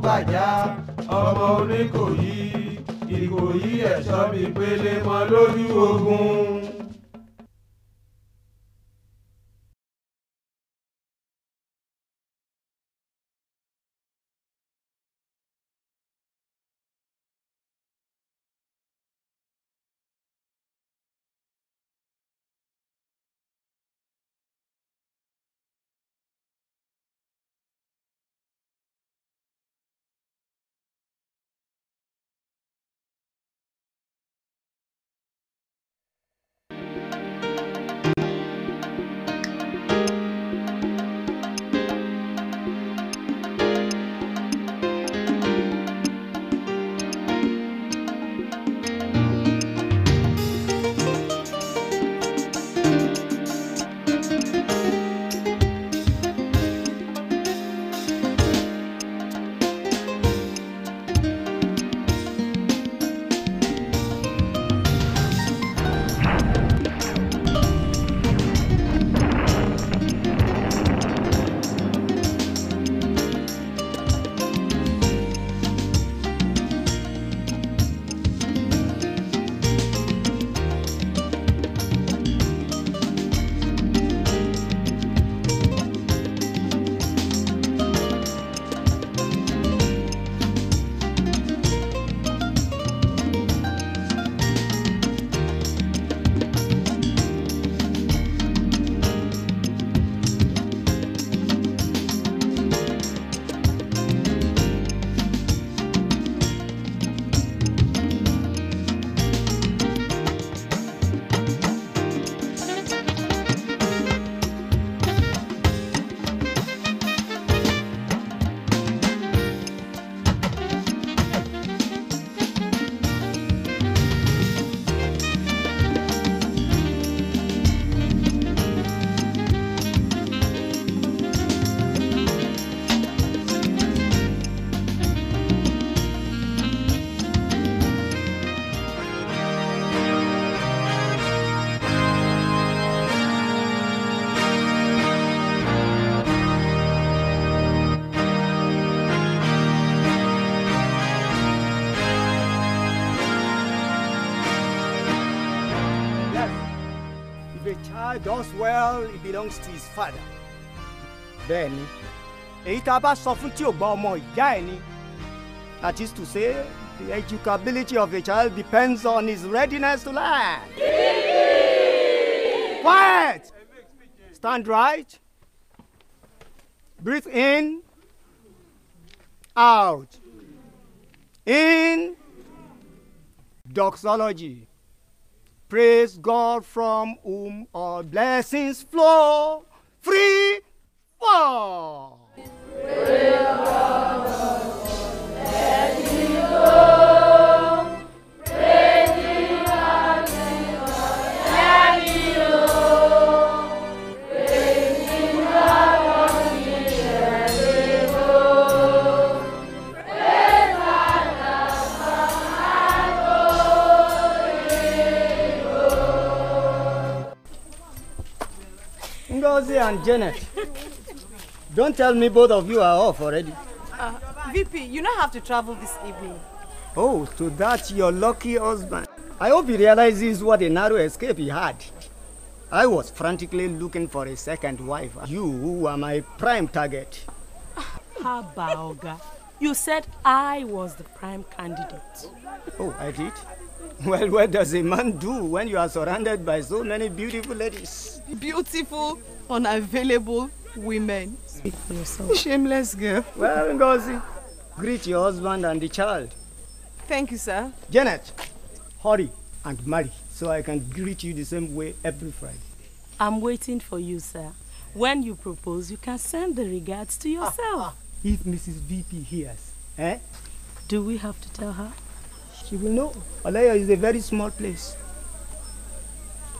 gbàjá ọmọ oníkòyí ìkòyí ẹ̀ṣọ́ mi pélé mọ́ lójú ogun. Ah, does well, it belongs to his father. Then, it about a bá sọ fún That is to say, the educability of a child depends on his readiness to learn. Quiet! Stand right. Breathe in. Out. In. Doxology. Praise God from whom all blessings flow, free fall. and Janet. Don't tell me both of you are off already. Uh, VP, you don't have to travel this evening. Oh, to that your lucky husband. I hope he realizes what a narrow escape he had. I was frantically looking for a second wife. You were my prime target. Habaoga, ah, you said I was the prime candidate. Oh, I did? Well, what does a man do when you are surrounded by so many beautiful ladies? Beautiful, unavailable women. Speak for yourself. Shameless girl. Well, Ngozi, greet your husband and the child. Thank you, sir. Janet, hurry and marry so I can greet you the same way every Friday. I'm waiting for you, sir. When you propose, you can send the regards to yourself. Ah, ah. If Mrs. VP hears, eh? Do we have to tell her? she will know. Alaya is a very small place.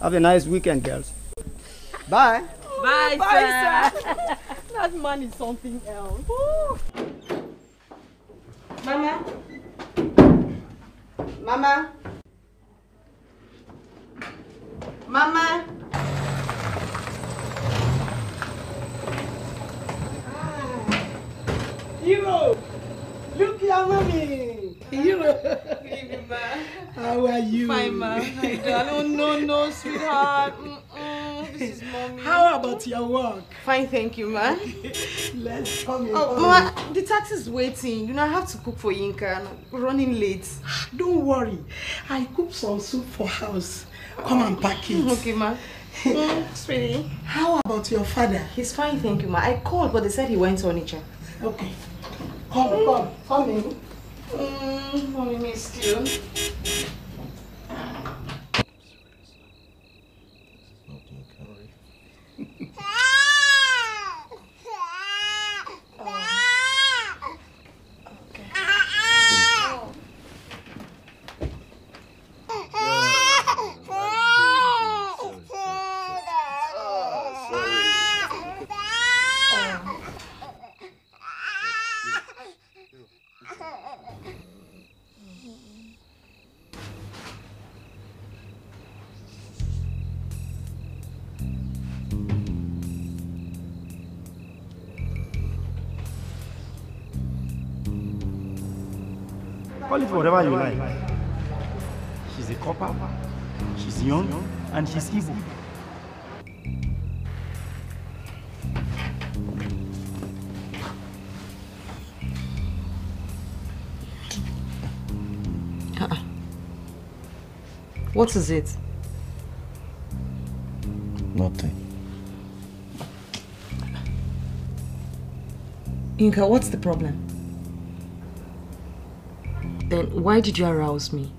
Have a nice weekend, girls. Bye. Bye, Bye sir. sir. that man is something else. Mama. Mama. Mama. Hero. Look at mommy. Hero. Ma. How are you? Fine, ma. No, oh, no, no, sweetheart. Mm-mm. This is mommy. How about your work? Fine, thank you, ma. Let's come in. Oh, ma, the taxi's waiting. You know, I have to cook for Yinka. I'm running late. Ah, don't worry. I cook some soup for house. Come and pack it. Okay, ma. Mm, sweetie. How about your father? He's fine, thank you, ma. I called, but they said he went on nature. Okay. Come, come, come in. Mm, only missed you. Call it whatever you like. She's a copper, she's young, and she's evil. Uh-uh. What is it? Nothing. Inka, what's the problem? Then why did you arouse me?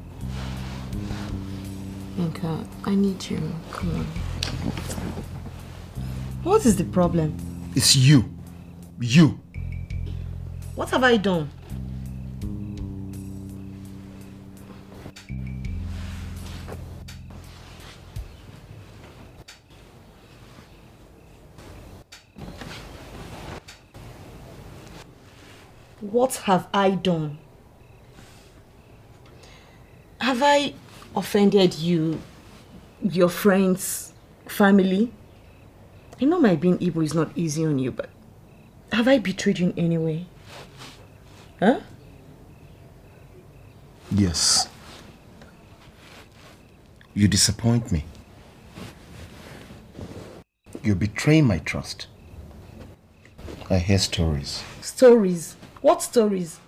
Inka, I need you. Come on. What is the problem? It's you. You. What have I done? What have I done? Have I offended you, your friends, family? I know my being evil is not easy on you, but have I betrayed you in any way? Huh? Yes. You disappoint me. You betray my trust. I hear stories. Stories? What stories?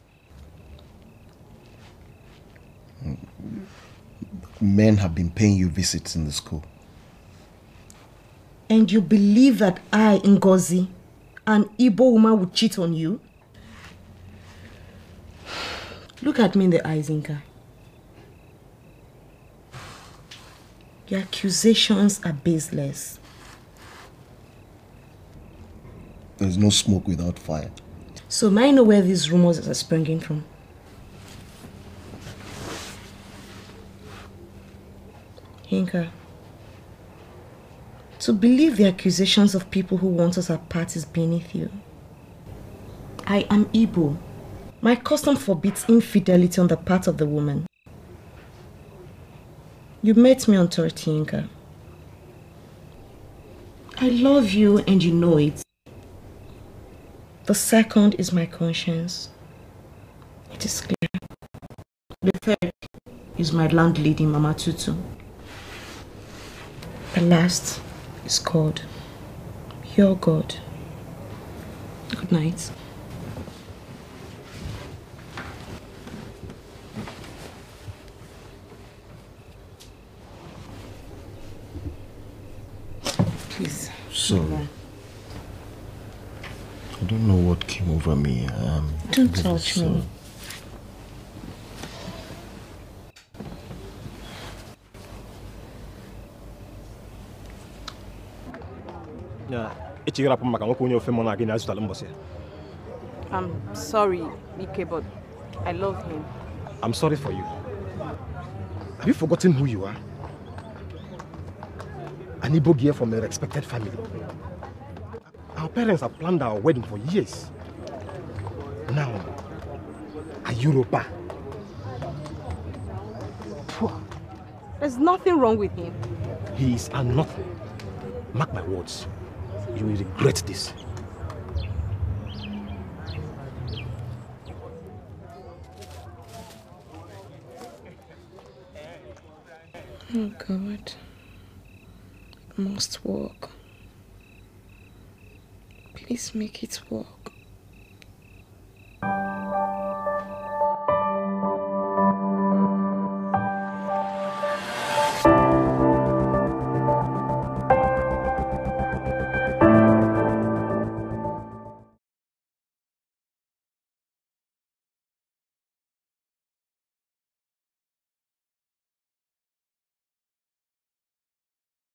men have been paying you visits in the school. And you believe that I, Ngozi, an Igbo woman, would cheat on you? Look at me in the eyes, Inka. Your accusations are baseless. There's no smoke without fire. So, may I know where these rumors are springing from? Hinker. To believe the accusations of people who want us apart is beneath you. I am Igbo. My custom forbids infidelity on the part of the woman. You met me on Tortinka. I love you and you know it. The second is my conscience. It is clear. The third is my landlady, Mama Tutu. The last is God. Your God. Good night. Please. Sorry. I don't know what came over me. Um, don't touch uh, me. I'm sorry, Ike, but I love him. I'm sorry for you. Have you forgotten who you are? An Igbo from a respected family. Our parents have planned our wedding for years. Now, a Yoruba. There's nothing wrong with him. He is a nothing. Mark my words. You will regret this. Oh God. must work. Please make it work.